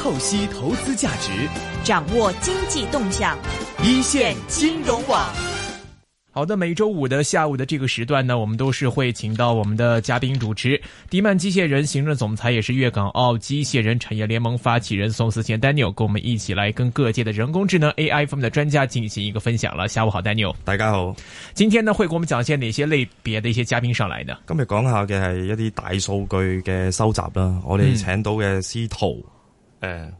透析投資價值，掌握經濟動向，一線金融網。好的，每周五的下午的這個時段呢，我們都是會請到我們的嘉賓主持，迪曼機械人行政總裁，也是粵港澳機械人產業聯盟發起人宋思賢 Daniel，跟我們一起來跟各界的人工智能 AI 方面的專家進行一個分享了。下午好，Daniel，大家好。今天呢，會給我們講一些哪些類別的一些嘉賓上來呢？今日講下嘅係一啲大數據嘅收集啦，我哋請到嘅司徒。誒誒、uh,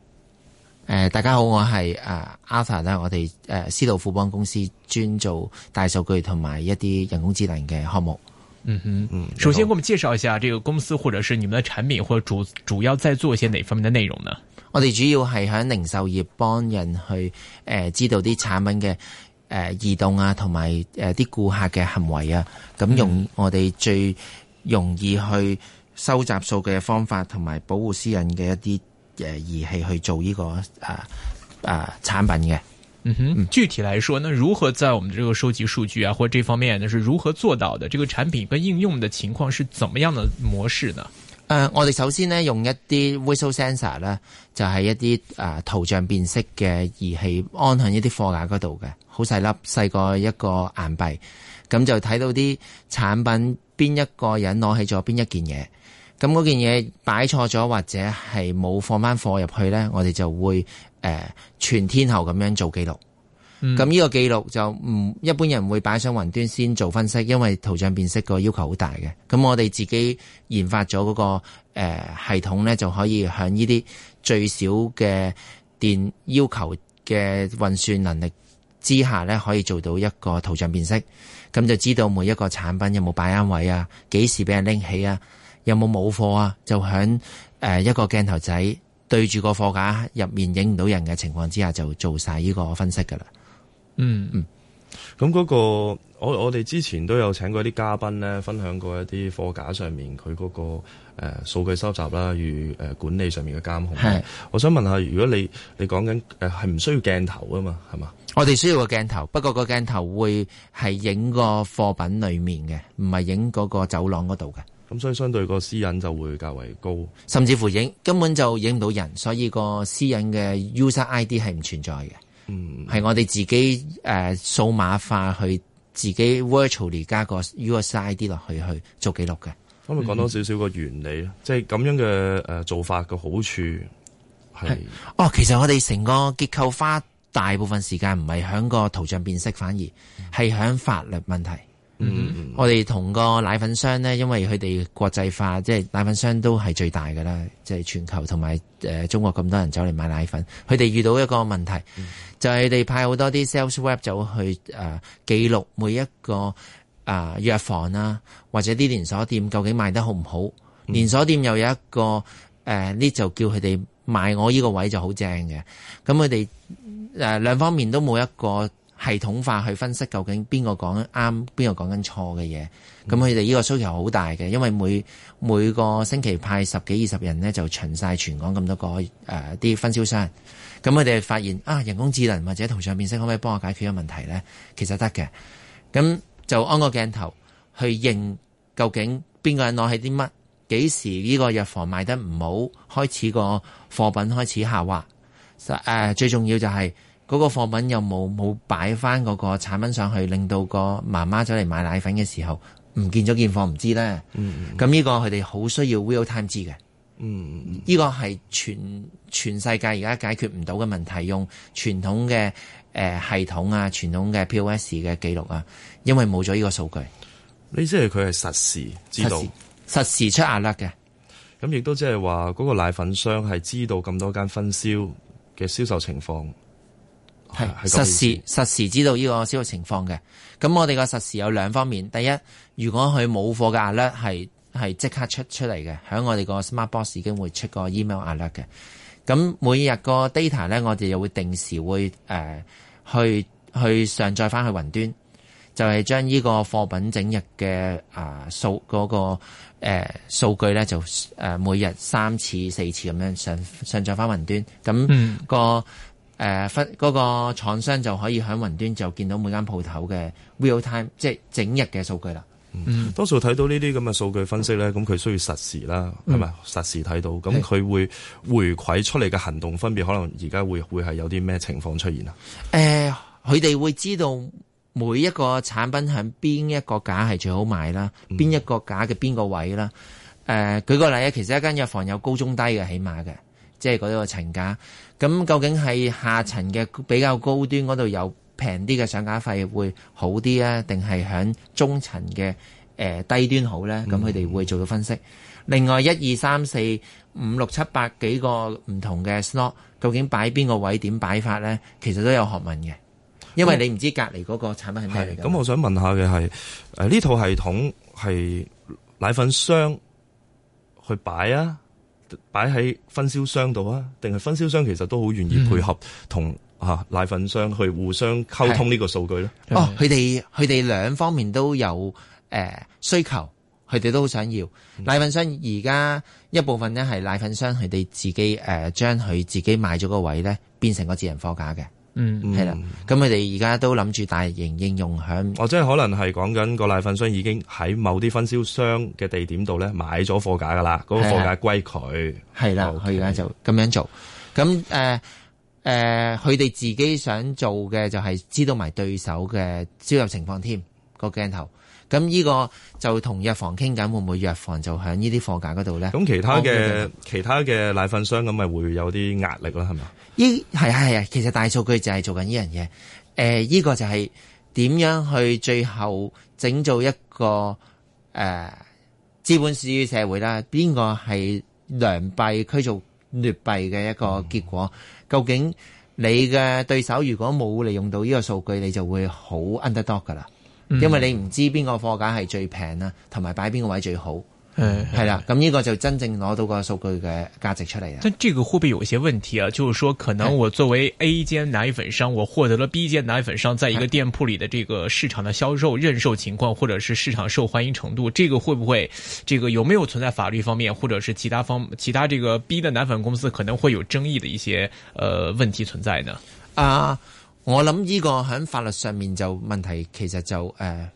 呃，大家好，我係誒 Arthur 啦，我哋誒思路富邦公司專做大數據同埋一啲人工智能嘅項目。嗯哼，嗯首先，給我們介紹一下呢個公司，或者是你們嘅產品，或者主主要在做一些哪一方面的內容呢？我哋主要係喺零售業幫人去誒、呃，知道啲產品嘅誒、呃、移動啊，同埋誒啲顧客嘅行為啊，咁、嗯、用我哋最容易去收集數據嘅方法，同埋保護私人嘅一啲。誒，儀器去做呢、這個誒誒、啊啊、產品嘅，嗯哼，具體來說，呢如何在我們呢個收集數據啊，或者這方面，呢是如何做到的？這個產品跟應用的情況是怎麼樣的模式呢？誒、呃，我哋首先呢，用一啲 visual sensor 咧，就係、是、一啲誒、呃、圖像辨識嘅儀器，安喺一啲貨架嗰度嘅，好細粒，細過一個硬幣，咁就睇到啲產品邊一個人攞起咗邊一件嘢。咁嗰件嘢擺錯咗，或者係冇放翻貨入去呢，我哋就會誒、呃、全天候咁樣做記錄。咁呢、嗯、個記錄就唔一般人會擺上雲端先做分析，因為圖像辨識個要求好大嘅。咁我哋自己研發咗嗰、那個、呃、系統呢，就可以向呢啲最少嘅電要求嘅運算能力之下呢，可以做到一個圖像辨識。咁就知道每一個產品有冇擺啱位啊，幾時俾人拎起啊？有冇冇貨啊？就響誒一個鏡頭仔對住個貨架入面，影唔到人嘅情況之下，就做晒呢個分析㗎喇。嗯嗯那、那個，咁嗰個我我哋之前都有請過一啲嘉賓咧，分享過一啲貨架上面佢嗰、那個誒數、呃、據收集啦，與誒、呃、管理上面嘅監控。係是我想問下，如果你你講緊誒係唔需要鏡頭啊？嘛係嘛？我哋需要個鏡頭，不過個鏡頭會係影個貨品裏面嘅，唔係影嗰個走廊嗰度嘅。咁所以相對個私隱就會較為高，甚至乎影根本就影唔到人，所以個私隱嘅 user ID 係唔存在嘅、嗯呃嗯。嗯，係我哋自己誒數碼化去自己 virtually 加個 user ID 落去去做記錄嘅。咁咪講多少少個原理啊，即係咁樣嘅誒做法嘅好處係哦，其實我哋成個結構花大部分時間唔係響個圖像辨識，反而係響、嗯、法律問題。嗯，mm hmm. 我哋同個奶粉商咧，因為佢哋國際化，即係奶粉商都係最大噶啦，即、就、係、是、全球同埋誒中國咁多人走嚟買奶粉，佢哋遇到一個問題，mm hmm. 就係佢哋派好多啲 sales rep 走去誒、呃、記錄每一個誒藥、呃、房啦，或者啲連鎖店究竟賣得好唔好？Mm hmm. 連鎖店又有一個誒，呢、呃、就叫佢哋賣我呢個位就好正嘅，咁佢哋誒兩方面都冇一個。系統化去分析究竟邊個講啱，邊個講緊錯嘅嘢，咁佢哋呢個需求好大嘅，因為每每個星期派十幾二十人呢，就巡晒全港咁多個誒啲、呃、分銷商，咁佢哋發現啊，人工智能或者圖像辨識，可唔可以幫我解決個問題呢？其實得嘅，咁就安個鏡頭去認究,究竟邊個人攞起啲乜，幾時呢個藥房賣得唔好，開始個貨品開始下滑，誒、呃、最重要就係、是。嗰個貨品有冇冇擺翻嗰個產品上去，令到個媽媽走嚟買奶粉嘅時候唔見咗件貨，唔知咧。嗯嗯。咁呢個佢哋好需要 real time 知嘅。嗯嗯。呢個係全全世界而家解決唔到嘅問題，用傳統嘅、呃、系統啊，傳統嘅 P O S 嘅記錄啊，因為冇咗呢個數據。你即係佢係實時知道，實時，實時出壓力嘅。咁亦都即係話嗰個奶粉商係知道咁多間分銷嘅銷售情況。係是實時實時知道呢個銷售情況嘅，咁我哋個實時有兩方面，第一，如果佢冇貨嘅 alert 係係即刻出出嚟嘅，喺我哋個 Smart Box 已經會出個 email alert 嘅，咁每日個 data 咧，我哋又會定時會誒、呃、去去上載翻去雲端，就係將呢個貨品整日嘅啊數嗰個誒數、呃、據咧就誒每日三次四次咁樣上上載翻雲端，咁、那個。嗯誒，分嗰、呃嗰個廠商就可以喺雲端就見到每間鋪頭嘅 real time，即係整日嘅數據啦。嗯，多數睇到呢啲咁嘅數據分析咧，咁佢需要實時啦，係咪？實時睇到，咁佢會回饋出嚟嘅行動，分別可能而家會會係有啲咩情況出現啊？誒、嗯，佢、呃、哋會知道每一個產品喺邊一個架係最好賣啦，邊一個架嘅邊個位啦。誒、呃，舉個例啊，其實一間藥房有高中低嘅，起碼嘅。即係嗰個層架，咁究竟係下層嘅比較高端嗰度有平啲嘅上架費會好啲咧，定係響中層嘅誒低端好呢？咁佢哋會做到分析。另外一二三四五六七八幾個唔同嘅 slot，究竟擺邊個位點擺法呢？其實都有學問嘅，因為你唔知隔離嗰個產品係咩嚟嘅。咁、嗯嗯、我想問下嘅係呢套系統係奶粉商去擺啊？擺喺分銷商度啊，定係分銷商其實都好願意配合同吓奶粉商去互相溝通呢個數據咧。嗯、哦，佢哋佢哋兩方面都有誒、呃、需求，佢哋都好想要、嗯、奶粉商而家一部分咧係奶粉商佢哋自己誒將佢自己賣咗個位咧變成個智能貨架嘅。嗯，係啦，咁佢哋而家都諗住大型應用響，我、嗯哦、即係可能係講緊個奶粉商已經喺某啲分銷商嘅地點度咧買咗貨架噶啦，嗰個貨架歸佢，係啦，佢而家就咁樣做，咁誒誒，佢哋自己想做嘅就係知道埋對手嘅銷售情況添，個鏡頭。咁呢個就同藥房傾緊，會唔會藥房就喺呢啲貨架嗰度咧？咁其他嘅、哦嗯、其他嘅奶粉商咁咪會有啲壓力啦，係咪？係啊，係啊，其實大數據就係做緊呢樣嘢。誒、呃，呢、這個就係點樣去最後整造一個誒資、呃、本主義社會啦？邊個係良幣驅逐劣幣嘅一個結果？嗯、究竟你嘅對手如果冇利用到呢個數據，你就會好 underdog 噶啦。因為你唔知邊個貨架係最平啦，同埋擺邊個位最好，係啦、嗯。咁呢個就真正攞到個數據嘅價值出嚟啦。但的的這個會唔會有一些問題啊？就是說，可能我作為 A 間奶粉商，的我獲得了 B 間奶粉商，在一個店鋪裏的這個市場的銷售認受情況，或者是市場受歡迎程度，這個會不會，這個有沒有存在法律方面，或者是其他方其他這個 B 的奶粉公司可能會有爭議的一些呃問題存在呢？啊！我諗呢個喺法律上面就問題，其實就誒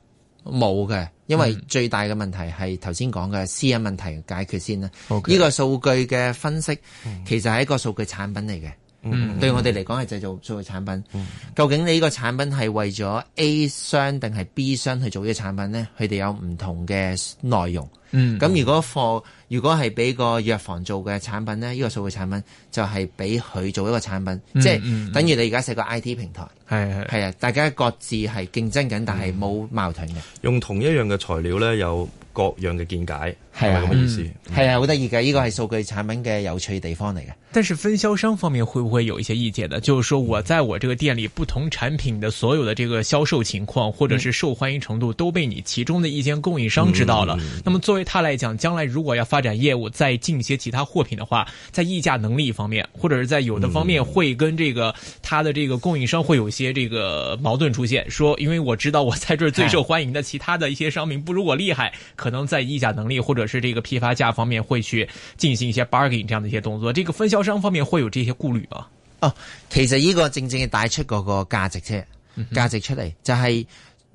冇嘅，因為最大嘅問題係頭先講嘅私隱問題解決先啦。Okay. 呢個數據嘅分析，其實係一個數據產品嚟嘅。嗯，mm hmm. 對我哋嚟講係製造數據產品。Mm hmm. 究竟你呢個產品係為咗 A 商定係 B 商去做呢個產品呢？佢哋有唔同嘅內容。嗯、mm，咁、hmm. 如果貨如果係俾個藥房做嘅產品呢，呢、這個數據產品就係俾佢做一個產品，即係、mm hmm. 等於你而家設個 I T 平台。係係係啊！大家各自係競爭緊，但係冇矛盾嘅。Mm hmm. 用同一樣嘅材料呢，有各樣嘅見解。係嘛意思？係啊，好得意嘅，呢個係數據產品嘅有趣的地方嚟嘅。但是分銷商方面會不會有一些意見呢？就是說我在我這個店裏不同產品的所有的這個銷售情況，或者是受歡迎程度，都被你其中的一間供應商知道了。嗯、那麼作為他來講，將來如果要發展業務再進一些其他貨品的話，在議價能力方面，或者是在有的方面會跟這個他的這個供應商會有些這個矛盾出現。說因為我知道我在這最受歡迎的其他的一些商品不如我厲害，可能在議價能力或者是這個批發價方面會去進行一些 bargain 這樣的一些動作，這個分銷商方面會有這些顧慮啊？哦，其實呢個正正係帶出嗰個價值啫，價值出嚟就係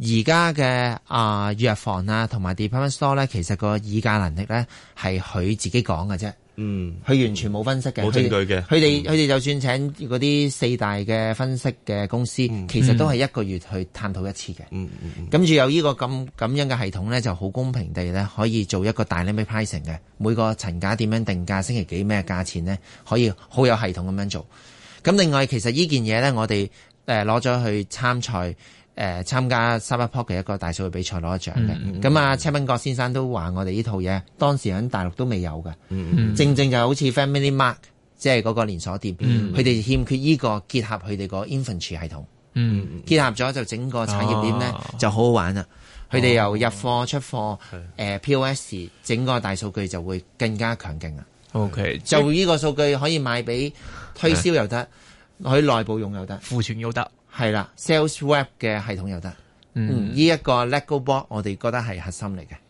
而家嘅啊藥房啊同埋 department store 咧，其實個議價能力咧係佢自己講嘅啫。嗯，佢完全冇分析嘅，冇證據嘅。佢哋佢哋就算請嗰啲四大嘅分析嘅公司，嗯、其實都係一個月去探討一次嘅、嗯。嗯嗯嗯。跟住有呢、這個咁咁樣嘅系統咧，就好公平地咧，可以做一個 dynamic pricing 嘅，每個層架點樣定價，星期幾咩價錢咧，可以好有系統咁樣做。咁另外，其實呢件嘢咧，我哋誒攞咗去參賽。誒參加沙巴泊嘅一個大數據比賽攞得獎嘅，咁啊，車敏國先生都話我哋呢套嘢當時喺大陸都未有嘅，正正就好似 Family Mark 即係嗰個連鎖店，佢哋欠缺依個結合佢哋個 infantry 系統，結合咗就整個產業鏈呢就好好玩啦。佢哋由入貨出貨，POS 整個大數據就會更加強勁啦。OK，就呢個數據可以賣俾推銷又得，可以內部用又得，庫存又得。係啦，sales web 嘅系統又得，嗯，呢一、嗯這個 lego board 我哋覺得係核心嚟嘅。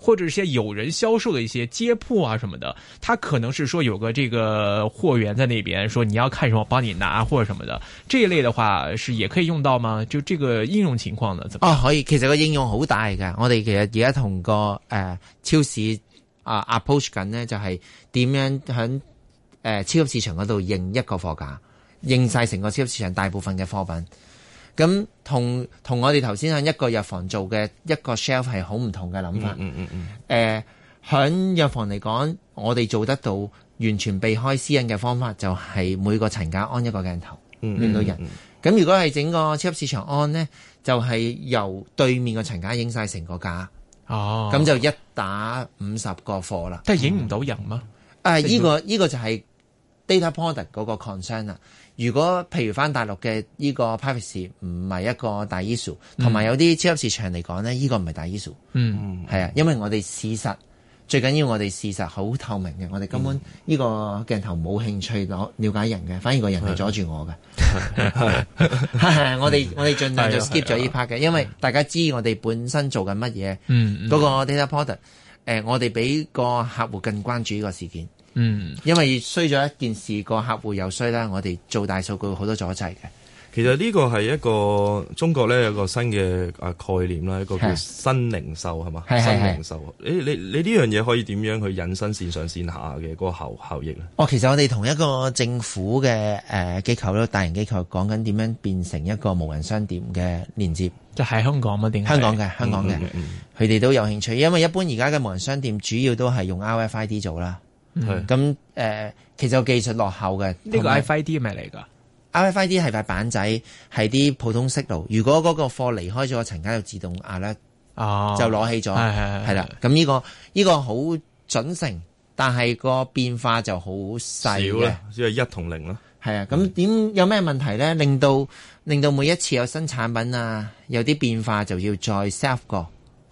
或者係些有人銷售的一些街鋪啊什麼的，他可能是說有個這個貨源在那邊，說你要看什麼，幫你拿貨什麼的，這一類的話是也可以用到嗎？就這個應用情況呢？怎麼哦，可以，其實個應用好大㗎，我哋其實而家同個誒、呃、超市啊、呃、approach 緊呢，就係、是、點樣響誒、呃、超級市場嗰度認一個貨架，認晒成個超級市場大部分嘅貨品。咁同同我哋頭先喺一個藥房做嘅一個 shelf 係好唔同嘅諗法。嗯嗯嗯。誒、嗯，喺、嗯、藥、呃、房嚟講，我哋做得到完全避開私隱嘅方法，就係每個層架安一個鏡頭，影、嗯、到人。咁、嗯嗯、如果係整個超級市場安呢，就係由對面個層架影晒成個架。哦。咁就一打五十個貨啦。都係影唔到人嗎？嗯、啊，依、這個呢個就係、是。Data Porter 嗰個 concern 啊，如果譬如翻大陸嘅呢個 privacy 唔係一個大 issue，同埋有啲超級市場嚟講咧，呢個唔係大 issue。嗯，係啊，因為我哋事實最緊要，我哋事實好透明嘅，我哋根本呢個鏡頭冇興趣攞了解人嘅，反而個人係阻住我嘅。我哋我哋盡量就 skip 咗呢 part 嘅，因為大家知我哋本身做緊乜嘢。嗯，嗰個 Data Porter，我哋俾個客戶更關注呢個事件。嗯，因為衰咗一件事，個客戶又衰啦。我哋做大數據好多阻滯嘅。其實呢個係一個中國咧，有個新嘅概念啦，一個叫新零售係嘛？新零售你你你呢樣嘢可以點樣去引申線上線下嘅嗰個效效益咧？哦，其實我哋同一個政府嘅誒機構咧，大型機構講緊點樣變成一個無人商店嘅連接，就係香港嘛？點解香港嘅香港嘅，佢哋、嗯嗯嗯、都有興趣，因為一般而家嘅無人商店主要都係用 R F I D 做啦。咁誒、mm. 嗯呃，其實有技術落後嘅。呢個 RFID 係咪嚟噶 RFID 係塊板仔，係啲普通色度。如果嗰個貨離開咗，層間就自動啊 l、哦、就攞起咗，係啦。咁呢個呢、呢個好準成，但係個變化就好細嘅。少只係一同零咯。係啊，咁點有咩問題咧？令到令到每一次有新產品啊，有啲變化就要再 self 個。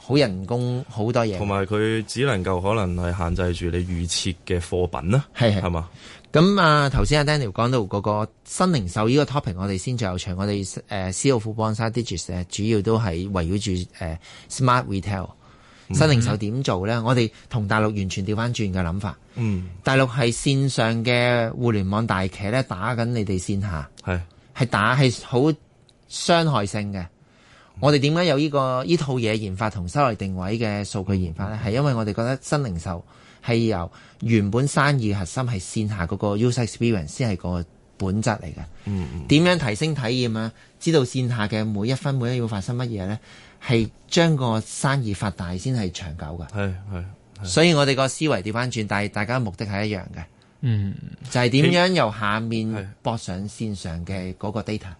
好人工好多嘢，同埋佢只能夠可能係限制住你預設嘅貨品啦，係咪的？嘛吧？咁啊，頭先阿 Daniel 講到嗰個新零售呢個 topic，我哋先最有趣。我哋 Cofounders 咧，呃、a, is, 主要都係圍繞住、呃、smart retail，、嗯、新零售點做咧？我哋同大陸完全掉翻轉嘅諗法。嗯，大陸係線上嘅互聯網大企咧，打緊你哋線下，係係的打係好傷害性嘅。我哋點解有呢個呢套嘢研發同收嚟定位嘅數據研發呢？係因為我哋覺得新零售係由原本生意核心係線下嗰個 user experience 先係個本質嚟嘅。嗯嗯。點樣提升體驗啊？知道線下嘅每一分每一秒發生乜嘢呢？係將個生意發大先係長久嘅。係係。所以我哋個思維調翻轉，但係大家目的係一樣嘅。嗯。就係點樣由下面博上線上嘅嗰個 data。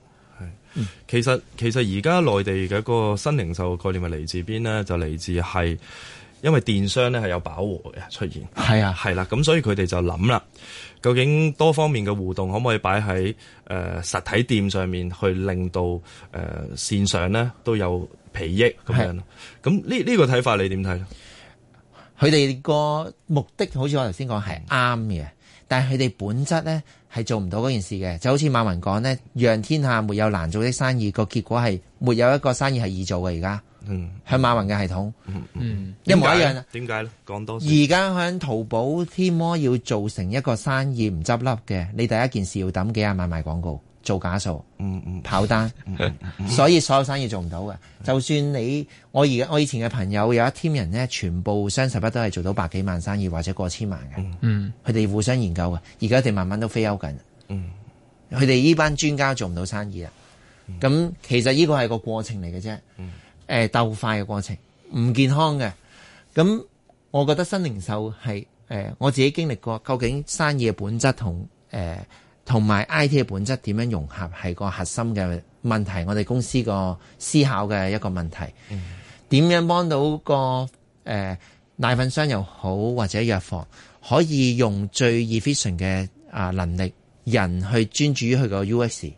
嗯、其實其實而家內地嘅一個新零售嘅概念係嚟自邊呢？就嚟自係因為電商咧係有飽和嘅出現，係啊，係啦，咁所以佢哋就諗啦，究竟多方面嘅互動可唔可以擺喺誒實體店上面，去令到誒、呃、線上呢都有裨益咁樣？咁呢呢個睇法你點睇咧？佢哋個目的好似我頭先講係啱嘅，但係佢哋本質咧。係做唔到嗰件事嘅，就好似馬雲講呢，讓天下沒有難做的生意，個結果係沒有一個生意係易做嘅。而家，嗯，嗯，響馬雲嘅系統，嗯，一模一樣。點解咧？講多說，而家響淘寶、天貓要做成一個生意唔執笠嘅，你第一件事要抌幾廿萬買廣告。做假數，嗯嗯、跑單，嗯嗯嗯、所以所有生意做唔到嘅。嗯、就算你我而家我以前嘅朋友有一 team 人咧，全部雙十一都係做到百幾萬生意或者過千萬嘅。嗯，佢哋互相研究嘅，而家佢哋慢慢都飛 out 緊。嗯，佢哋呢班專家做唔到生意啊。咁、嗯、其實呢個係個過程嚟嘅啫。誒、嗯、鬥、呃、快嘅過程，唔健康嘅。咁我覺得新零售係誒，我自己經歷過，究竟生意嘅本質同誒。呃同埋 I T 嘅本質點樣融合係個核心嘅問題，我哋公司個思考嘅一個問題。點樣幫到個誒、呃、奶粉商又好或者藥房可以用最 efficient 嘅啊能力人去專注於佢個 U S，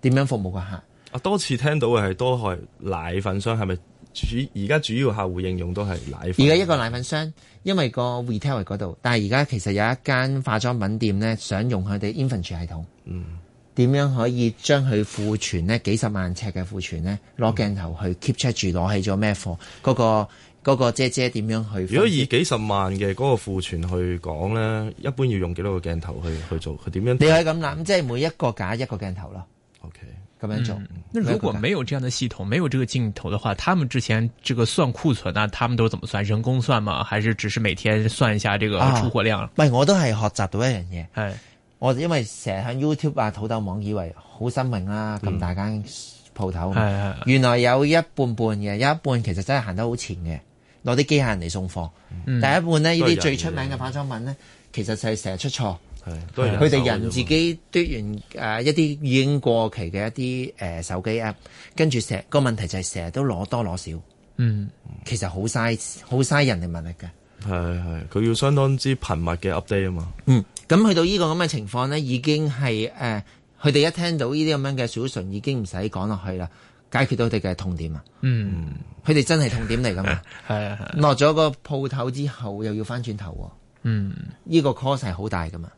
點樣服務個客？我多次聽到嘅係多係奶粉商，係咪主而家主要客戶應用都係奶粉？而家一個奶粉商。因為個 retail 嗰度，但係而家其實有一間化妝品店咧，想用佢哋 inventory 系統，點、嗯、樣可以將佢庫存咧幾十萬尺嘅庫存咧攞鏡頭去 keep check 住攞起咗咩貨？嗰、嗰個嗰姐姐點樣去？如果以幾十萬嘅嗰個庫存去講咧，一般要用幾多個鏡頭去去做？佢點樣？你可以咁諗，即係每一個架一個鏡頭咯。OK。咁樣做，嗯、那如果沒有這樣的系統，沒有這個鏡頭的話，他們之前這個算庫存啊，他們都怎麼算？人工算嗎？還是只是每天算一下這個出貨量？唔係、啊，我都係學習到一樣嘢，係是我因為成日喺 YouTube 啊、土豆網以為好新穎啦，咁大間鋪頭，嗯、原來有一半半嘅，有一半其實真係行得好前嘅，攞啲機械人嚟送貨，第、嗯、一半呢呢啲最出名嘅化妝品呢是是其實就係成日出錯。佢哋人自己篤完誒、啊、一啲已經過期嘅一啲誒、呃、手機 App，跟住成個問題就係成日都攞多攞少，嗯，其實好嘥好嘥人力物力嘅。係係，佢要相當之頻密嘅 update 啊嘛。嗯，咁去到呢個咁嘅情況咧，已經係誒，佢、呃、哋一聽到呢啲咁樣嘅 solution 已經唔使講落去啦，解決到佢哋嘅痛點啊。啊啊啊嗯，佢哋真係痛點嚟㗎嘛。係啊，落咗個鋪頭之後，又要翻轉頭喎。嗯，呢個 cost 係好大㗎嘛。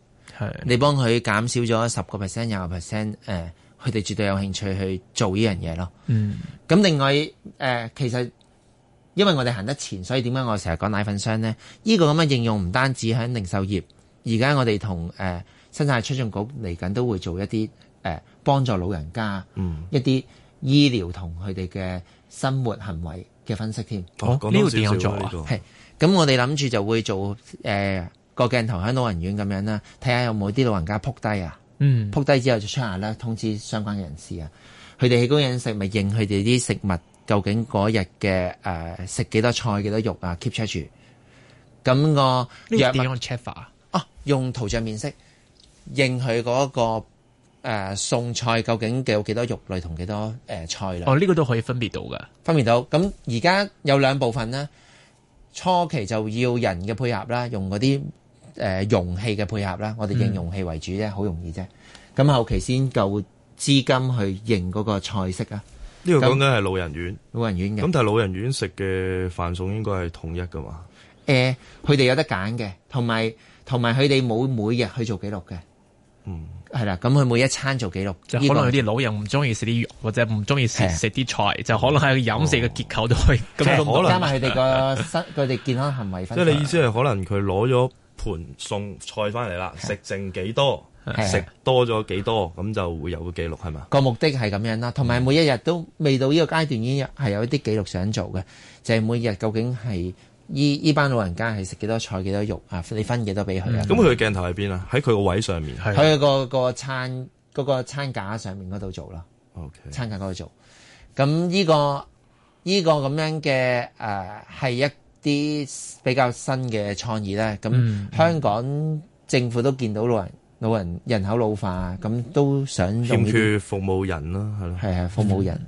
你幫佢減少咗十個 percent、廿個 percent，佢哋絕對有興趣去做呢樣嘢咯。嗯，咁另外誒、呃，其實因為我哋行得前，所以點解我成日講奶粉商咧？呢、呢個咁嘅應用唔單止喺零售業，而家我哋同誒生產力促進局嚟緊都會做一啲誒幫助老人家，嗯，一啲醫療同佢哋嘅生活行為嘅分析添。哦，講說多個做少少啊？係，咁我哋諗住就會做誒。呃個鏡頭喺老人院咁樣啦，睇下有冇啲老人家撲低啊？嗯，撲低之後就 check 下啦，通知相關人士啊。佢哋起居飲食，咪認佢哋啲食物，究竟嗰日嘅誒食幾多菜、幾多肉啊？Keep check 住。咁、那個用咩 check 法啊？哦，用圖像辨識認佢嗰、那個誒餸、呃、菜究竟有幾多肉類同幾多、呃、菜類啦。哦，呢、這個都可以分別到噶，分別到。咁而家有兩部分啦，初期就要人嘅配合啦，用嗰啲。嗯誒、呃、容器嘅配合啦，我哋認容器為主啫，好、嗯、容易啫。咁後期先夠資金去認嗰個菜式啊。呢個講緊係老人院，老人院嘅。咁但係老人院食嘅飯餸應該係統一㗎嘛？誒、呃，佢哋有得揀嘅，同埋同埋佢哋冇每日去做記錄嘅。嗯，係啦。咁佢每一餐做記錄的，就可能有啲老人唔中意食啲肉，或者唔中意食啲菜，就可能係飲食嘅結構都係咁。可能 加埋佢哋個身，佢哋健康行為。即係你意思係可能佢攞咗？盤餸菜翻嚟啦，食剩幾多，食的多咗幾多，咁的就會有個記錄係嘛？個目的係咁樣啦，同埋每一日都未到呢個階段已經係有一啲記錄想做嘅，就係、是、每日究竟係呢呢班老人家係食幾多菜、幾多肉啊？你分幾多俾佢啊？咁佢嘅鏡頭喺邊啊？喺佢個位上面，喺佢的個餐嗰、那個、餐架上面嗰度做啦 OK，餐架嗰度做。咁呢、這個呢、這個咁樣嘅誒係一。啲比較新嘅創意咧，咁香港政府都見到老人老人人口老化，咁都想用住服務人咯，係咯，係係服務人，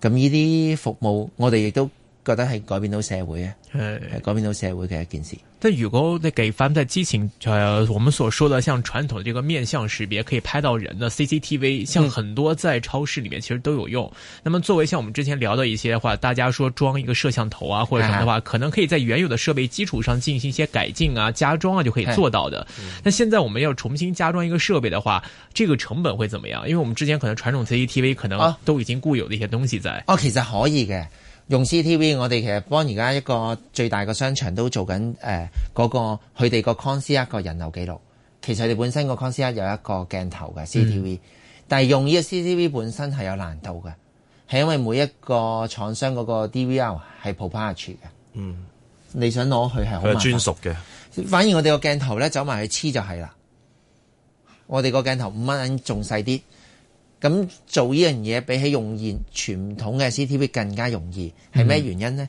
咁呢啲服務我哋亦都。覺得係改變到社會嘅，係是改變到社會嘅一件事。但如果你給翻在激情，就係、呃、我們所說的，像傳統這個面向識別可以拍到人的 CCTV，像很多在超市裏面其實都有用。嗯、那麼作為像我們之前聊到一些的話，大家說裝一個攝像頭啊或者什麼的話，啊、可能可以在原有的設備基礎上進行一些改進啊、加裝啊就可以做到的。是那現在我們要重新加裝一個設備的話，這個成本會怎麼樣？因為我們之前可能傳統 CCTV 可能都已經固有的一些東西在。哦，哦，其實可以嘅。用 C T V，我哋其實幫而家一個最大嘅商場都做緊誒嗰個佢哋個 concierge 個人流記錄。其實你本身個 concierge 有一個鏡頭嘅 C T V，嗯、但係用呢個 C T V 本身係有難度嘅，係因為每一個廠商嗰個 D V R 係 proprietary 嘅。嗯，你想攞佢係好？係專屬嘅。反而我哋個鏡頭咧，走埋去黐就係啦。我哋個鏡頭五蚊仲細啲。咁做呢樣嘢，比起用現傳統嘅 CTV 更加容易，係咩原因呢？Mm.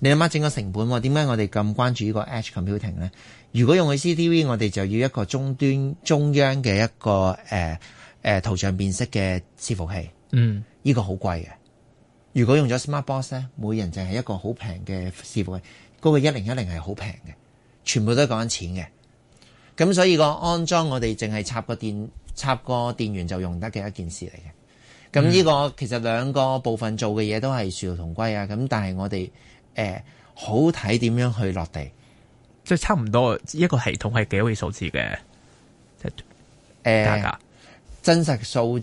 你諗下整個成本，點解我哋咁關注呢個 edge computing 呢？如果用去 CTV，我哋就要一個終端中央嘅一個誒誒、呃呃、圖像辨識嘅伺服器，嗯，呢個好貴嘅。如果用咗 smart box 咧，每人淨係一個好平嘅伺服器，嗰、那個一零一零係好平嘅，全部都係講緊錢嘅。咁所以個安裝我哋淨係插個電。插個電源就用得嘅一件事嚟嘅，咁呢個其實兩個部分做嘅嘢都係殊途同歸啊！咁但係我哋誒、呃、好睇點樣去落地，即係差唔多一個系統係幾位數字嘅？誒、呃，價格真實數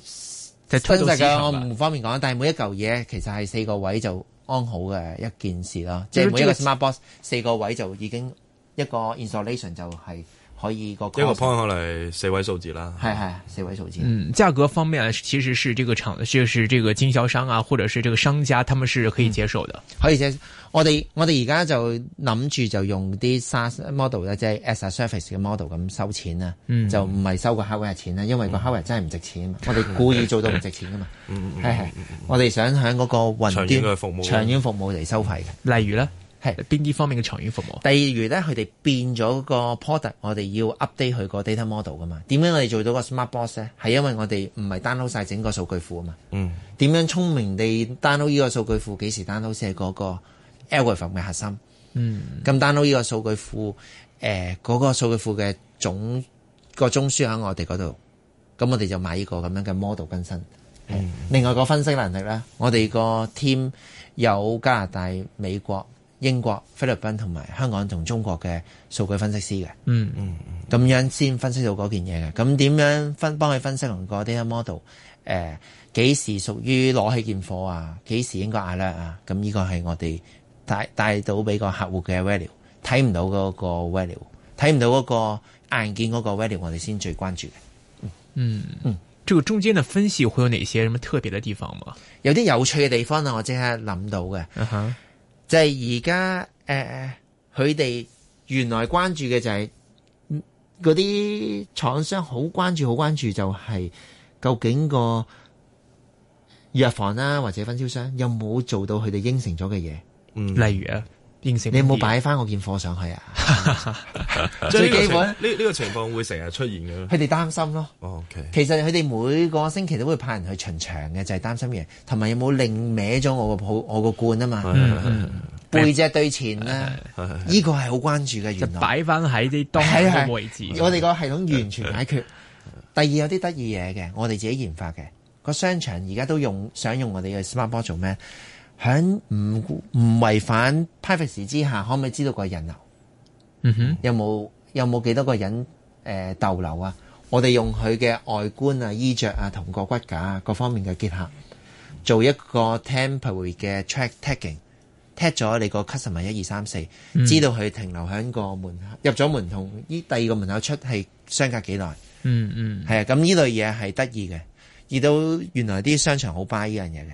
真實嘅，我唔方便講。但係每一嚿嘢其實係四個位就安好嘅一件事囉。即係每一個 smart box 四個位就已經一個 installation 就係、是。可以個,個一個 point 嚟四位數字啦，係係四位數字。嗯，價格方面其實是這個廠，就是這個經銷商啊，或者是這個商家，他們是可以接受的。嗯、可以接受，我哋我哋而家就諗住就用啲 SaaS model 即係 SaaS Service 嘅 model 咁收錢啦。嗯，就唔係收個 hardware 錢啦，因為個 hardware 真係唔值錢啊。我哋故意做到唔值錢噶嘛。嗯嗯嗯。係係，我哋想喺嗰個雲端、長遠服務嚟收費嘅。例如咧。係邊啲方面嘅長遠服務？第二，如咧佢哋變咗個 product，我哋要 update 佢個 data model 噶嘛？點樣我哋做到個 smart box 咧？係因為我哋唔係 download 晒整個數據庫啊嘛。嗯，點樣聰明地 download 呢個數據庫？幾時 download 先係嗰個 algorithm 嘅核心？嗯，咁 download 呢個數據庫誒，嗰、呃那個數據庫嘅總個中樞喺我哋嗰度，咁我哋就買呢個咁樣嘅 model 更新。嗯、另外個分析能力咧，我哋個 team 有加拿大、美國。英國、菲律賓同埋香港同中國嘅數據分析師嘅，嗯嗯嗯，咁樣先分析到嗰件嘢嘅。咁點樣分幫佢分析同個 data model？誒、呃，幾時屬於攞起件貨啊？幾時應該 alert 啊？咁、這、呢個係我哋帶帶，帶到俾個客戶嘅 value，睇唔到嗰個 value，睇唔到嗰個硬件嗰個 value，我哋先最關注嘅。嗯嗯嗯，咁、嗯、中間嘅分析會有哪些什麼特別嘅地方嗎？有啲有趣嘅地方啊，我即刻諗到嘅。Uh huh. 就係而家誒，呃、佢哋原來關注嘅就係嗰啲廠商好關注，好關注就係究竟個藥房啦、啊，或者分銷商有冇做到佢哋應承咗嘅嘢？嗯，例如啊。你有冇擺翻我件貨上去啊？最基本呢，呢個情況會成日出現嘅，佢哋擔心咯。OK，其實佢哋每個星期都會派人去巡場嘅，就係擔心嘢，同埋有冇擰歪咗我個鋪、我個罐啊嘛？背脊對前呢，呢個係好關注嘅。原來擺翻喺啲多嘅位置，我哋個系統完全解決。第二有啲得意嘢嘅，我哋自己研發嘅，個商場而家都用，想用我哋嘅 smartboard 做咩？喺唔唔違反 privacy 之下，可唔可以知道個人流？嗯哼、mm hmm.，有冇有冇幾多個人誒、呃、逗留啊？我哋用佢嘅外觀啊、衣着啊、同個骨架、啊、各方面嘅結合，做一個 temporary 嘅 track tagging，tag 咗你個 customer 一二三四，知道佢停留喺個門、mm hmm. 入咗門同呢第二個門口出係相隔幾耐？嗯嗯、mm，係、hmm. 啊，咁呢類嘢係得意嘅，而都原來啲商場好 buy 呢樣嘢嘅。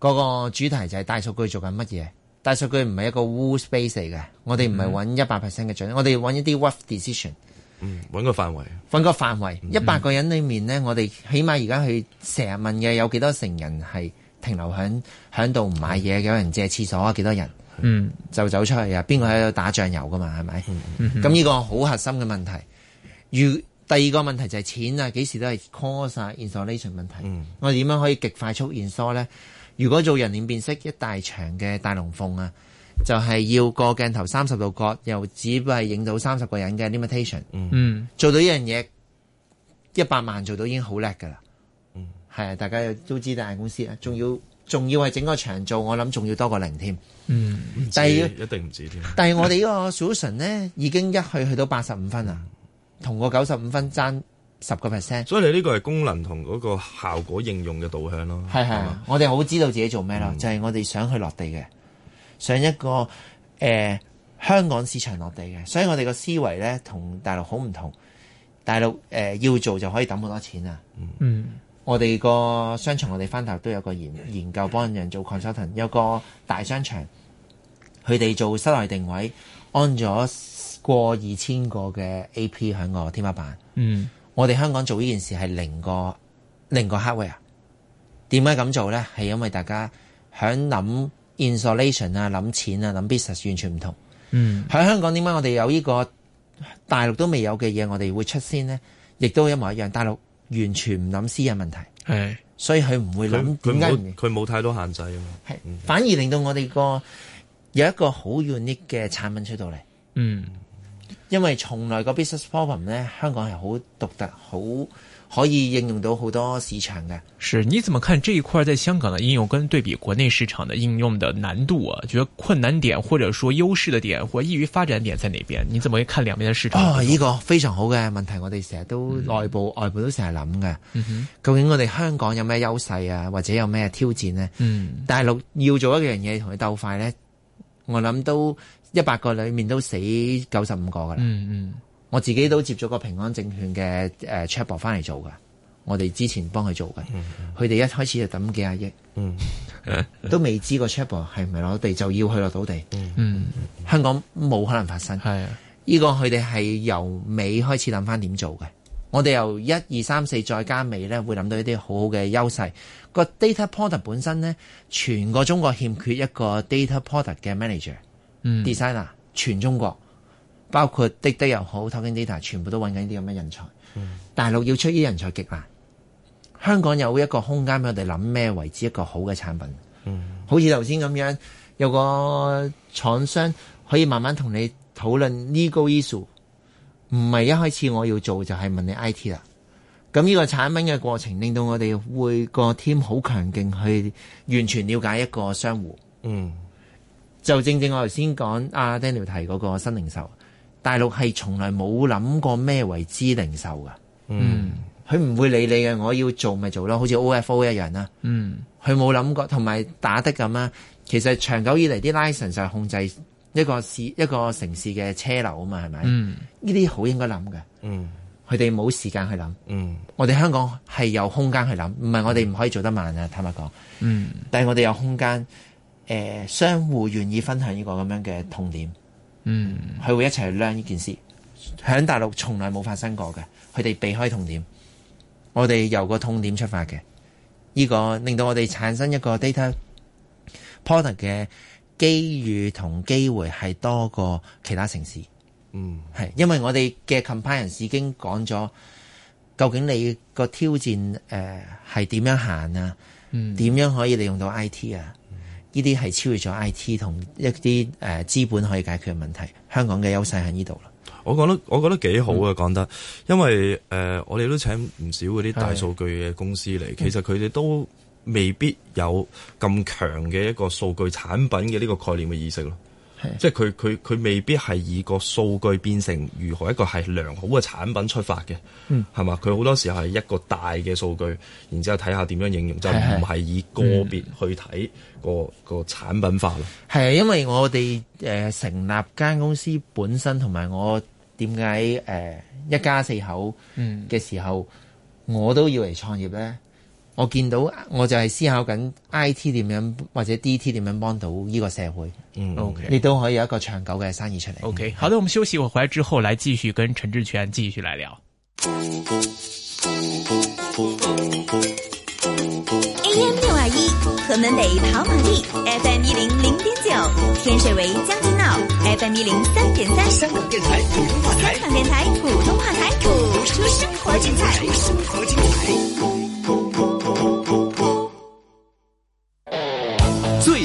嗰個主題就係大數據做緊乜嘢？大數據唔係一個烏 space 嚟嘅，我哋唔係揾一百 percent 嘅準，我哋揾一啲 work decision，揾、嗯、個範圍，揾個範圍。一百、嗯、個人裏面咧，我哋起碼而家去成日問嘅有幾多少成人係停留喺喺度唔買嘢嘅，有人借廁所啊，幾多人？嗯，就走出去啊，邊個喺度打醬油噶嘛？係咪？咁呢、嗯嗯嗯、個好核心嘅問題。第二個問題就係錢啊，幾時都係 cost 晒 installation 問題。嗯、我哋點樣可以極快速 install 如果做人臉辨識，一大場嘅大龍鳳啊，就係、是、要個鏡頭三十度角，又只係影到三十個人嘅 limitation。嗯，做到呢樣嘢一百萬做到已經好叻噶啦。嗯，係啊，大家都知大公司啦，仲要仲要係整個場做，我諗仲要多過零添。嗯，唔知是一定唔止添。 但係我哋呢個 solution 咧，已經一去去到八十五分啊，同個九十五分爭。十個 percent，所以你呢個係功能同嗰個效果應用嘅導向咯。係是吧我哋好知道自己做咩咯，嗯、就係我哋想去落地嘅想一個誒、呃、香港市場落地嘅，所以我哋個思維呢，同大陸好唔同。大陸、呃、要做就可以抌好多錢啊。嗯，我哋個商場，我哋翻頭都有個研研究幫人做 consultant，有個大商場佢哋做室內定位，安咗過二千個嘅 AP 喺個天花板。嗯。我哋香港做呢件事係零個零個 hardware，點、啊、解咁做咧？係因為大家響諗 insulation 啊、諗錢啊、諗 business 完全唔同。喺、嗯、香港點解我哋有呢個大陸都未有嘅嘢，我哋會出先咧？亦都一模一樣。大陸完全唔諗私人問題，的所以佢唔會諗。佢冇佢冇太多限制啊嘛，係反而令到我哋個有一個好 unique 嘅產品出到嚟。嗯。因為從來個 business problem 咧，香港係好獨特，好可以應用到好多市場嘅。是，你怎麼看這一塊在香港的應用，跟對比國內市場的應用的難度啊？覺得困難點，或者說優勢的點，或者易於發展點在哪邊？你怎麼會看兩邊的市場？啊、哦，一、呢個非常好嘅問題，我哋成日都內、嗯、部、外部都成日諗嘅。嗯、哼究竟我哋香港有咩優勢啊，或者有咩挑戰呢、啊？嗯，大陸要做一樣嘢同佢鬥快咧，我諗都。一百個裏面都死九十五個噶啦、嗯。嗯嗯，我自己都接咗個平安證券嘅誒 t r a p l e 翻嚟做㗎。我哋之前幫佢做嘅，佢哋、嗯嗯、一開始就等幾廿億，嗯，都未知個 t r a p l e 係咪攞地就要去落土地。嗯嗯，香港冇可能發生係呢、啊、個。佢哋係由尾開始諗翻點做嘅。我哋由一二三四再加尾咧，會諗到一啲好好嘅優勢。這個 data porter 本身咧，全個中國欠缺一個 data porter 嘅 manager。嗯、designer 全中國包括滴滴又好，Talking Data 全部都揾緊啲咁嘅人才。嗯、大陸要出啲人才極難，香港有一個空間俾我哋諗咩為之一個好嘅產品。嗯，好似頭先咁樣，有個廠商可以慢慢同你討論呢個 issue，唔係一開始我要做就係問你 IT 啦。咁呢個產品嘅過程令到我哋會個 team 好強勁去完全了解一個商戶。嗯。就正正我頭先講，阿、啊、Daniel 提嗰個新零售，大陸係從來冇諗過咩為之零售㗎。嗯，佢唔、嗯、會理你嘅，我要做咪做咯，好似 OFO 一樣啦。嗯，佢冇諗過，同埋打得咁啦。其實長久以嚟，啲 license 就係控制一個市一個城市嘅車流啊嘛，係咪？嗯，呢啲好應該諗嘅。嗯，佢哋冇時間去諗。嗯，我哋香港係有空間去諗，唔係我哋唔可以做得慢啊，坦白講。嗯，但係我哋有空間。誒，相互、呃、願意分享呢個咁樣嘅痛點，嗯，佢會一齊去亮呢件事。喺大陸從來冇發生過嘅，佢哋避開痛點。我哋由個痛點出發嘅，呢、這個令到我哋產生一個 data partner 嘅機遇同機會係多過其他城市。嗯，係因為我哋嘅 companions 已經講咗，究竟你個挑戰誒係點樣行啊？嗯，點樣可以利用到 IT 啊？呢啲係超越咗 IT 同一啲誒資本可以解決嘅問題，香港嘅優勢喺呢度啦。我覺得我覺得幾好啊，講得、嗯，因為誒、呃、我哋都請唔少嗰啲大數據嘅公司嚟，的其實佢哋都未必有咁強嘅一個數據產品嘅呢個概念嘅意識咯。是即係佢佢佢未必係以個數據變成如何一個係良好嘅產品出發嘅，係嘛、嗯？佢好多時候係一個大嘅數據，然之後睇下點樣應用，的就唔係以個別去睇個的個，個產品化咯。係，因為我哋誒、呃、成立間公司本身，同埋我點解誒一家四口嘅時候，嗯、我都要嚟創業咧。我見到我就係思考緊 I T 點樣或者 D T 點樣幫到呢個社會，嗯、Okay 你都可以有一個長久嘅生意出嚟。OK，好，的，嗯、我們休息一下回來之後，來繼續跟陳志銓繼續來聊。嗯、AM 六二一，何文田跑馬地，FM 一零零點九，天水圍將軍澳，FM 一零三點三。香港電台普通話台，香港電台普通話台，讀出生活精彩。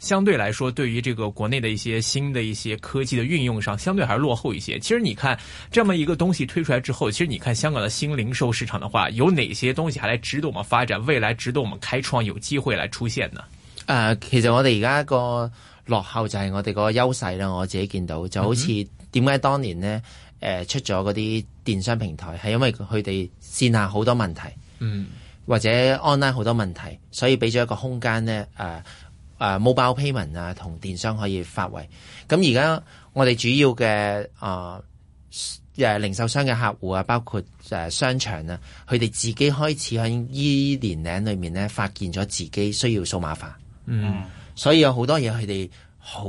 相對來說，對於這個國內的一些新的一些科技的運用上，相對還是落後一些。其實你看，這麼一個東西推出來之後，其實你看香港的新零售市場的話，有哪些東西還來值得我們發展？未來值得我們開創，有機會來出現呢？呃，其實我哋而家個落後就係我哋個優勢啦。我自己見到就好似，點解、嗯、哼當年呢，呃、出咗嗰啲電商平台，係因為佢哋線下好多問題，嗯，或者 online 好多問題，所以俾咗一個空間呢。誒、呃。誒 mobile payment 啊，同電商可以發圍。咁而家我哋主要嘅誒、呃、零售商嘅客戶啊，包括、呃、商場啊，佢哋自己開始喺呢年齡裏面咧，發現咗自己需要數碼化。嗯、mm，hmm. 所以有好多嘢佢哋好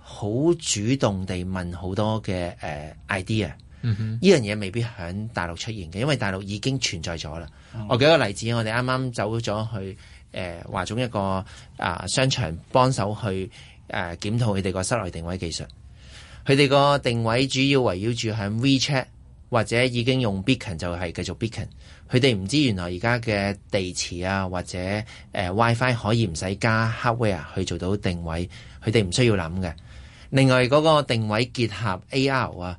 好主動地問好多嘅、呃、idea。嗯哼、mm，呢樣、hmm. 嘢未必喺大陸出現嘅，因為大陸已經存在咗啦。Mm hmm. 我舉個例子，我哋啱啱走咗去。誒、呃、華總一個啊商場幫手去誒、啊、檢討佢哋個室內定位技術，佢哋個定位主要圍繞住喺 WeChat 或者已經用 Beacon 就係繼續 Beacon，佢哋唔知原來而家嘅地磁啊或者誒 WiFi、啊嗯嗯、可以唔使加 hardware 去做到定位，佢哋唔需要諗嘅。另外嗰個定位結合 AR 啊，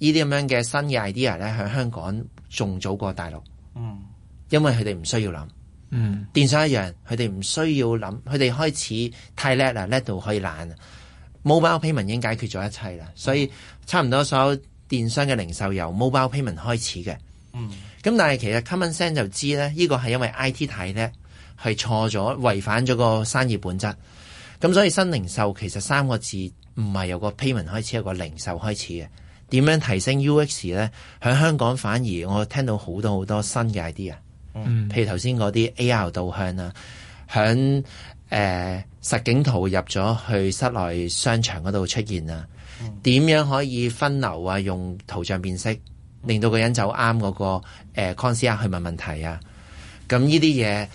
這這的的呢啲咁樣嘅新嘅 idea 咧，喺香港仲早過大陸，嗯，因為佢哋唔需要諗。嗯，電商一樣，佢哋唔需要諗，佢哋開始太叻啦，叻到可以爛。mobile payment 已經解決咗一切啦，所以差唔多所有電商嘅零售由 mobile payment 開始嘅。嗯，咁但係其實 common sense 就知咧，呢個係因為 IT 太叻，係錯咗，違反咗個生意本質。咁所以新零售其實三個字唔係由個 payment 開始，係個零售開始嘅。點樣提升 UX 咧？喺香港反而我聽到好多好多新嘅 idea。嗯，譬如頭先嗰啲 AR 導向啊，響誒、呃、實景圖入咗去室內商場嗰度出現啊，點、嗯、樣可以分流啊？用圖像辨識，令到個人走啱嗰、那個誒 consier、呃嗯嗯、去問問題啊？咁呢啲嘢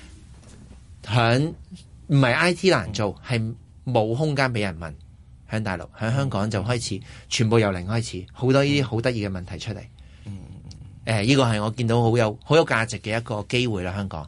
響唔係 IT 難做，係冇、嗯、空間俾人問。響大陸，響香港就開始，嗯、全部由零開始，好多呢啲好得意嘅問題出嚟。誒，呢個係我見到好有好有價值嘅一個機會啦，香港。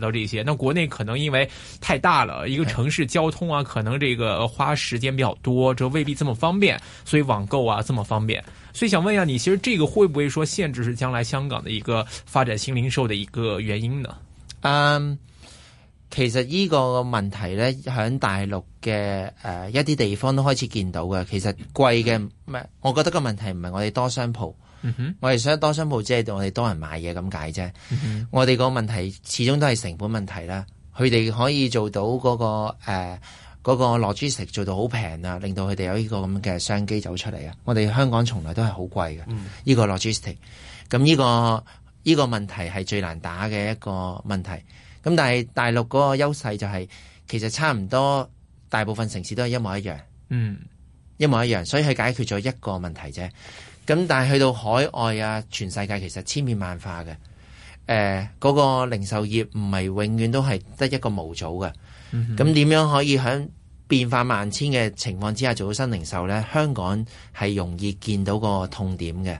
到這些，那國內可能因為太大了，一個城市交通啊，可能這個花時間比較多，這未必這麼方便，所以網購啊這麼方便，所以想問一、啊、下你，其實這個會不會說限制是將來香港的一個發展新零售的一個原因呢？嗯，其實呢個問題呢響大陸嘅誒一啲地方都開始見到嘅。其實貴嘅唔，我覺得個問題唔係我哋多商鋪。嗯、我哋想多商鋪，即係我哋多人買嘢咁解啫。嗯、哼我哋個問題始終都係成本問題啦。佢哋可以做到嗰、嗰個誒嗰、呃嗰個 logistics 做到好平啊，令到佢哋有呢個咁嘅商機走出嚟啊。我哋香港從來都係好貴嘅，呢、嗯、個 logistics。咁呢、呢個呢、呢個問題係最難打嘅一個問題。咁但係大陸嗰個優勢就係、係、其實差唔多，大部分城市都係一模一樣，嗯、一模一樣。所以佢解決咗一個問題啫。咁但係去到海外啊，全世界其實千變萬化嘅，誒、呃，嗰、那個零售業唔係永遠都係得一個模組嘅。咁點、嗯、哼樣可以喺變化萬千嘅情況之下做到新零售呢？香港係容易見到個痛點嘅。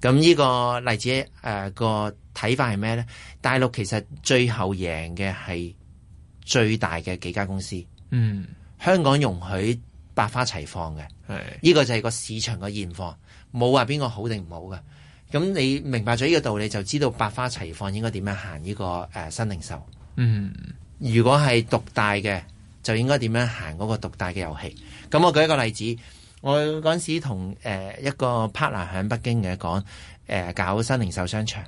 咁呢個例子誒、呃、個睇法係咩呢？大陸其實最後贏嘅係最大嘅幾家公司。嗯，香港容許百花齊放嘅，呢是個就係個市場個現況。冇話邊個好定唔好嘅，咁你明白咗呢個道理，就知道百花齊放應該點樣行呢，這個誒、呃、新零售。嗯，如果係獨大嘅，就應該點樣行嗰個獨大嘅遊戲。咁我舉一個例子，我嗰陣時同誒、呃、一個 partner 喺北京嘅講，誒、呃、搞新零售商場，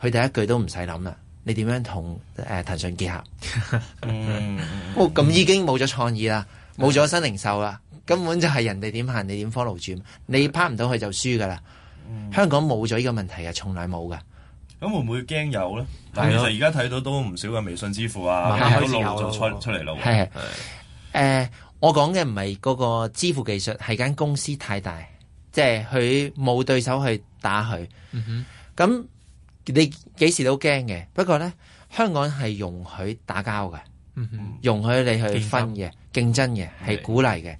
佢第一句都唔使諗啦，你點樣同誒騰訊結合？咁、嗯 哦、已經冇咗創意啦，冇咗，嗯、新零售啦。根本就係人哋點行，你點 follow 住？你拍唔到佢就輸噶啦！香港冇咗呢個問題，係從來冇噶。咁會唔會驚有咧？其實而家睇到都唔少嘅微信支付啊，開路就出出嚟咯。誒，我講嘅唔係嗰個支付技術，係間公司太大，即係佢冇對手去打佢。咁你幾時都驚嘅？不過咧，香港係容許打交嘅，容許你去分嘅、競爭嘅，係鼓勵嘅。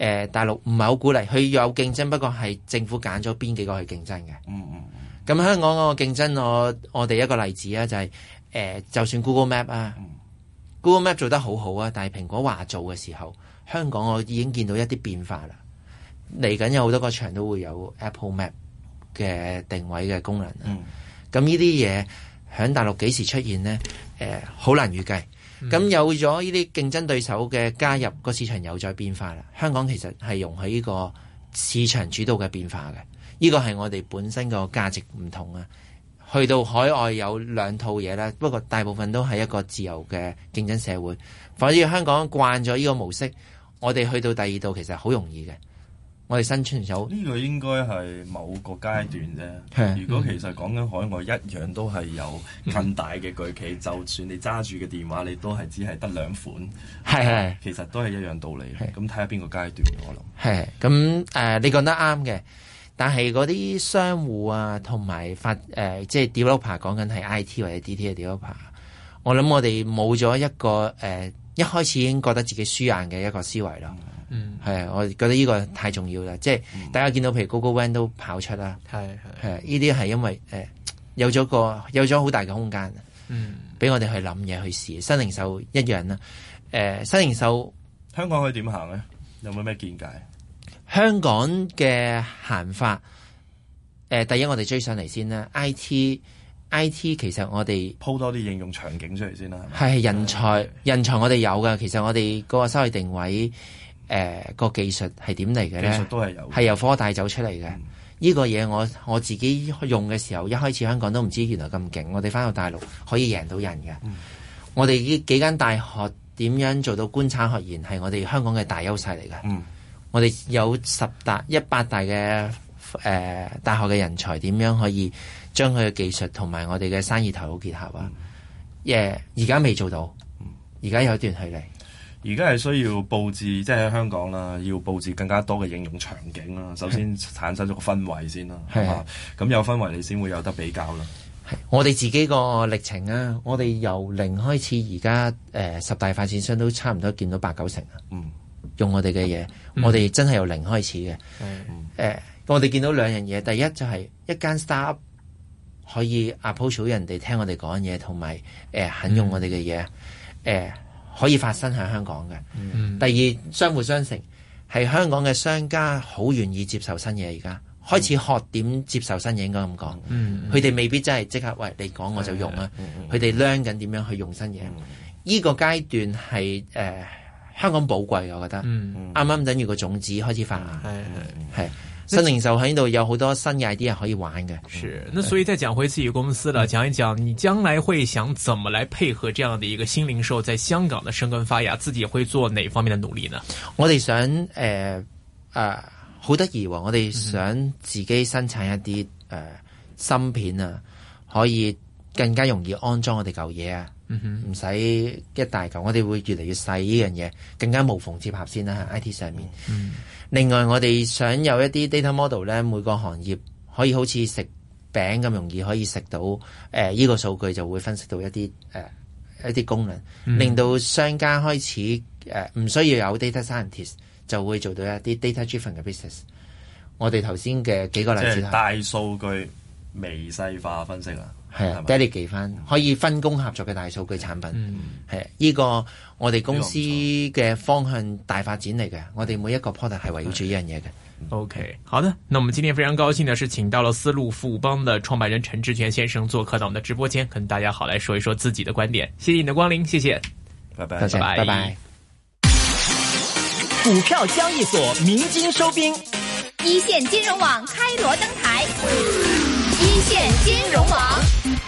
呃、大陸唔係好鼓勵，佢有競爭，不過係政府揀咗邊幾個去競爭嘅，嗯。嗯嗯咁香港嗰個競爭，我我哋一個例子啊，就係、是呃、就算 Google Map 啊、嗯、Google Map 做得好好啊，但係蘋果話做嘅時候，香港我已經見到一啲變化啦。嚟緊有好多個場都會有 Apple Map 嘅定位嘅功能啊。嗯。咁呢啲嘢喺大陸幾時出現呢？呃、好難預計。咁有咗呢啲競爭對手嘅加入，個市場又再變化啦。香港其實係容許呢個市場主導嘅變化嘅，呢個係我哋本身個價值唔同啊。去到海外有兩套嘢啦，不過大部分都係一個自由嘅競爭社會。反正香港慣咗呢個模式，我哋去到第二度其實好容易嘅。我哋新傳有呢個應該係某個階段啫。嗯、如果其實講緊海外一樣都係有更大嘅巨企，嗯、就算你揸住嘅電話，你都係只係得兩款。係係，是其實都係一樣道理。咁睇下邊個階段我諗。係咁誒，uh, 你講得啱嘅。但係嗰啲商戶啊，同埋發誒，即、uh, 係 Developer 講緊係 I T 或者 D T 嘅 Developer 我諗我哋冇咗一個誒，uh, 一開始已經覺得自己輸硬嘅一個思維咯。嗯嗯，係啊，我覺得呢個太重要啦。即係大家見到，嗯、譬如高高 van 都跑出啦，係係依啲係因為誒、呃、有咗個有咗好大嘅空間，嗯，俾我哋去諗嘢去試新零售一樣啦。誒、呃，新零售香港可以點行咧？有冇咩見解？香港嘅行法誒、呃，第一我哋追上嚟先啦。I T I T 其實我哋鋪多啲應用場景出嚟先啦。係是吧人才是人才我哋有噶，其實我哋嗰個收入定位。誒、呃那個技術係點嚟嘅咧？技術都係有，係由科大走出嚟嘅。呢、嗯、個嘢我我自己用嘅時候，一開始香港都唔知原來咁勁。我哋翻到大陸可以贏到人嘅。嗯、我哋呢幾間大學點樣做到官產學研係我哋香港嘅大優勢嚟嘅。嗯、我哋有十大一百大嘅誒、呃、大學嘅人才點樣可以將佢嘅技術同埋我哋嘅生意頭腦結合啊？而家、嗯呃、未做到，而家有一段距離。而家係需要佈置，即係喺香港啦、啊，要佈置更加多嘅應用場景啦、啊。首先產生咗個氛圍先啦、啊，係咁是是 有氛圍你先會有得比較啦。係我哋自己個歷程啊，我哋由零開始現在，而家誒十大發展商都差唔多見到八九成啊。嗯，用我哋嘅嘢，嗯、我哋真係由零開始嘅。嗯、呃、我哋見到兩樣嘢，第一就係一間 startup 可以 approach 到人哋聽我哋講嘢，同埋誒肯用我哋嘅嘢，誒、呃。可以發生喺香港嘅。嗯、第二相輔相成，係香港嘅商家好願意接受新嘢而家，開始學點接受新嘢應該咁講。佢哋、嗯嗯、未必真係即刻，喂你講我就用啦、啊。佢哋量緊點樣去用新嘢。呢、嗯嗯、個階段係誒、呃、香港寶貴嘅，我覺得。啱啱、嗯嗯、等住個種子開始發芽，係係、嗯。嗯。新零售喺呢度有好多新嘅 idea 可以玩嘅。是，那所以再講回自己公司啦，講、嗯、一講，你將來會想怎麼來配合這樣的一個新零售，在香港的生根發芽，自己會做哪方面的努力呢？我哋想誒誒，好得意，我哋想自己生產一啲誒、呃、芯片啊，可以更加容易安裝我哋舊嘢啊。唔使、mm hmm. 一大嚿，我哋會越嚟越細呢樣嘢，更加無縫接合先啦喺 IT 上面。Mm hmm. 另外，我哋想有一啲 data model 咧，每個行業可以好似食餅咁容易可以食到，呢、呃、依、這個數據就會分析到一啲、呃、一啲功能，mm hmm. 令到商家開始唔、呃、需要有 data scientist 就會做到一啲 data driven 嘅 business。我哋頭先嘅幾個例子，即係大數據微細化分析、啊係啊 d d 翻，是吧可以分工合作嘅大數據產品，係呢、嗯、個我哋公司嘅方向大發展嚟嘅。我哋每一個 product 係圍繞住呢樣嘢嘅。OK，好的，那我們今天非常高興的是請到了思路富邦嘅創辦人陳志銓先生做客到我們的直播間，跟大家好來說一說自己的觀點。謝謝你的光臨，謝謝，拜拜，拜拜，股票交易所鳴金收兵，一線金融網開鑼登台。一線金融王。